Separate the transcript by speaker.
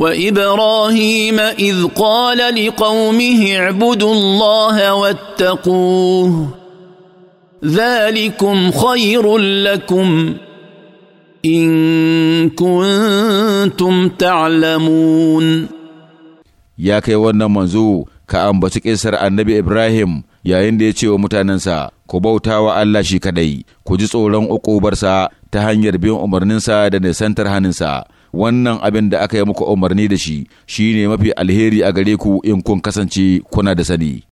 Speaker 1: وابراهيم اذ قال لقومه اعبدوا الله واتقوه ذلكم خير لكم ان كنتم تعلمون
Speaker 2: ya kai wannan manzo ka ambaci kisar annabi ibrahim yayin da ya ce wa mutanensa ku bauta wa allah shi kadai ku ji tsoron ukubarsa ta hanyar bin umarninsa da nisantar haninsa wannan abin da aka yi muku umarni da shi shi ne mafi alheri a gare ku in kun kasance kuna da sani